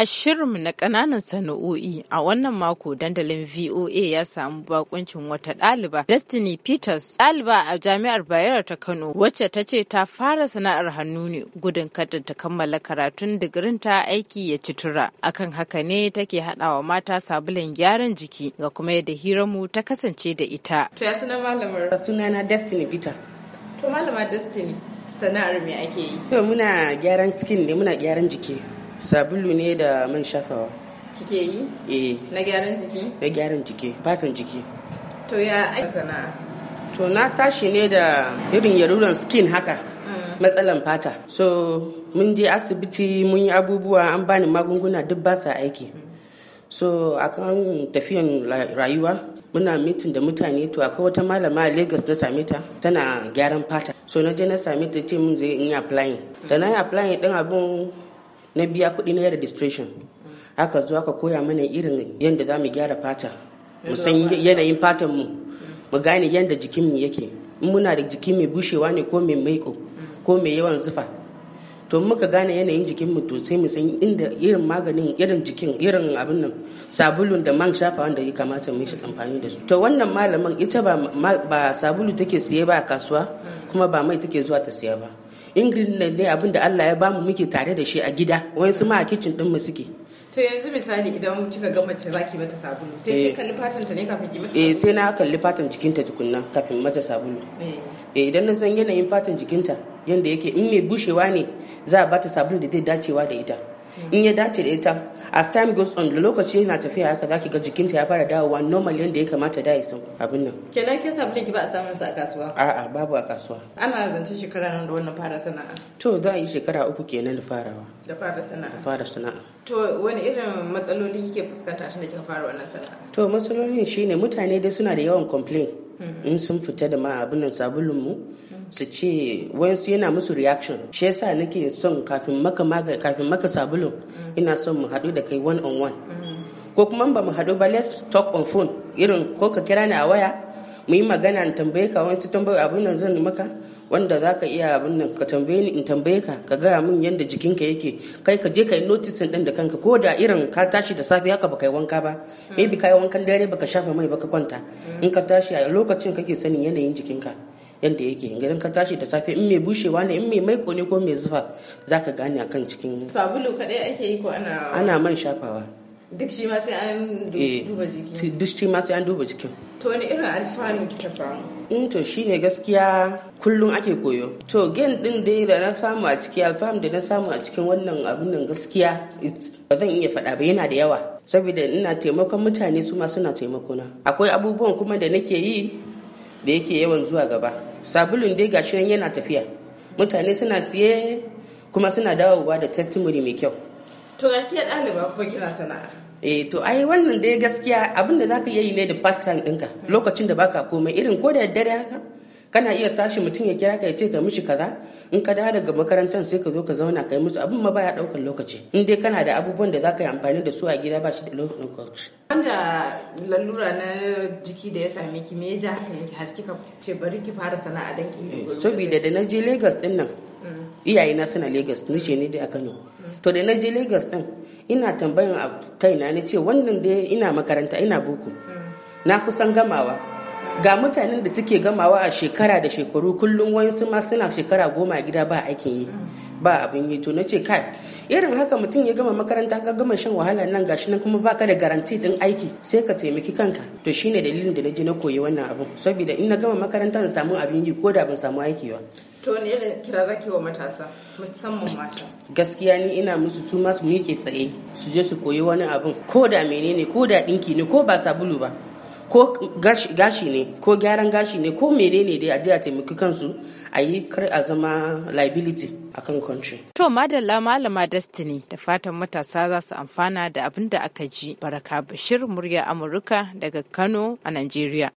A shirinmu na ƙananan sana'o'i a wannan mako dandalin VOA ya samu bakuncin wata ɗaliba Destiny Peters ɗaliba a jami'ar Bayero ta Kano wacce ta ce ta fara sana'ar hannu ne gudun kada ta kammala karatun digirin ta aiki ya ci tura. Akan haka ne take haɗawa mata sabulun gyaran jiki ga kuma yadda hirarmu ta kasance da ita. To ya suna malamar? Sunana Destiny Peter. To malama Destiny sana'ar me ake yi? To muna gyaran skin ne muna gyaran jiki. sabulu ne da man shafawa kike yi eh na gyaran jiki na gyaran jiki fatan jiki to ya sana'a to na tashi ne da irin yaruran skin haka mm. matsalan fata so mun je asibiti mun yi abubuwa an bani magunguna duk ba sa aiki so akan tafiyan rayuwa muna mitin da mutane to akwai wata malama a lagos na same ta tana gyaran fata so na je na same ta ce mun zai in yi applying da na yi applying din abun na biya kuɗi na registration haka zo aka koya mana irin yadda za mu gyara fata mu san yanayin fatan mu mu gane yadda jikin mu yake in muna da jiki mai bushewa ne ko mai maiko ko mai yawan zufa to muka gane yanayin jikin mu to sai mu san inda irin maganin irin jikin irin abin nan sabulun da man shafa wanda ya kamata mu shi amfani da su to wannan malaman ita ba sabulu take siye ba a kasuwa hmm. kuma ba mai take zuwa ta siya ba nan ne abin da Allah ya bamu muke tare da shi a gida su ma a kicin din mu suke to yanzu misali idan kika ga mace ki mata sabulu sai ki eh. kalli fatan ta ne kafin ki mata eh sai na kalli fatan jikinta tukunna kafin mata sabulu eh. eh idan na san yanayin fatan jikinta yanda yake in mai bushewa ne za a bata sabulu da zai dacewa da ita in ya dace da ita as time goes on da lokaci yana tafiya haka zaki ga jikinta ya fara dawowa normal yadda ya kamata da isan abin nan kenan ke sabulin ki ba a samun sa a kasuwa a'a babu a kasuwa ana zance shekara nan da wannan fara sana'a to za a yi shekara uku kenan da farawa da fara sana'a da fara sana'a to wani irin matsaloli kike fuskanta tun da kika fara wannan sana'a to matsalolin shine mutane dai suna da yawan complain mm-hmm. in sun fita da ma abin nan sabulun mu su ce wayansu yana musu reaction shi yasa nake son kafin maka maga kafin maka sabulun ina son mu hadu da kai one on one ko kuma ba mu haɗu ba let's talk on phone irin ko ka kira ni a waya mu yi magana in tambaye ka wani tambaye abin nan zan maka wanda za ka iya abin nan ka tambaye ni in tambaye ka ka gaya min yadda jikinka yake kai ka je ka yi din da kanka ko da irin ka tashi da safe haka baka yi wanka ba maybe ka yi wankan dare baka shafa mai baka kwanta in ka tashi a lokacin kake sanin yanayin jikinka yadda yake idan ka tashi da safe in mai bushewa ne in mai mai ne ko mai zufa za ka gane kan cikin sabulu kadai ake yi ko ana ana man shafawa duk shi ma sai an eh, duba jikin. duk shi ma sai an duba jikin to wani irin alfanu kika samu in to shine gaskiya kullum ake koyo to gen din dai da na samu a ciki alfaham da na samu a cikin wannan abin nan gaskiya ba zan iya faɗa ba yana da yawa saboda ina taimakon mutane su ma suna taimakona akwai abubuwan kuma da nake yi da yake yawan zuwa gaba sabulun dai gashi nan yana tafiya mutane suna siye kuma suna dawowa da testimony mai kyau to gaskiya ɗaliba kuma kina sana'a eh to ai wannan dai gaskiya abinda da zaka yi ne da part time ɗinka lokacin da baka komai irin ko da daddare haka kana iya tashi mutum ya kira ka ya ce ka mishi kaza in ka dawo daga makarantar sai ka zo ka zauna ka yi musu abin ma baya daukar lokaci in dai kana da abubuwan da za ka yi amfani da su a gida ba shi da lokaci. wanda lalura na jiki da ya same ki me ya ji haka yake har kika ce bari ki fara sana'a dan ki. Eh, saboda da na je Lagos din nan mm. na suna Lagos ce ne dai a Kano. to da na je Lagos din ina tambayan kaina na ce wannan dai ina makaranta ina boko mm. na kusan gamawa ga mutanen da suke gamawa a shekara da shekaru kullum wani ma suna shekara goma a gida ba aikin yi ba abin yi to nace kai irin haka mutum ya gama makaranta ka gama shan wahala nan gashi nan kuma baka da garanti din aiki sai ka taimaki kanka to shine dalilin da naje na koyi wannan abin saboda in na gama makaranta na samu abin yi ko da ban samu aiki ba to ne da kira zaki wa matasa musamman mata gaskiya ni ina musu su ma su miƙe tsaye su je su koyi wani abin ko da menene ko da dinki ne ko ba sabulu ba ko gashi ne ko gyaran gashi ne ko menene dai a a taimaki kansu a yi kar a zama liability a kan country. To madalla malama Destiny da fatan matasa za su amfana da abin da aka ji. Baraka Bashir murya Amurka daga Kano a nigeria.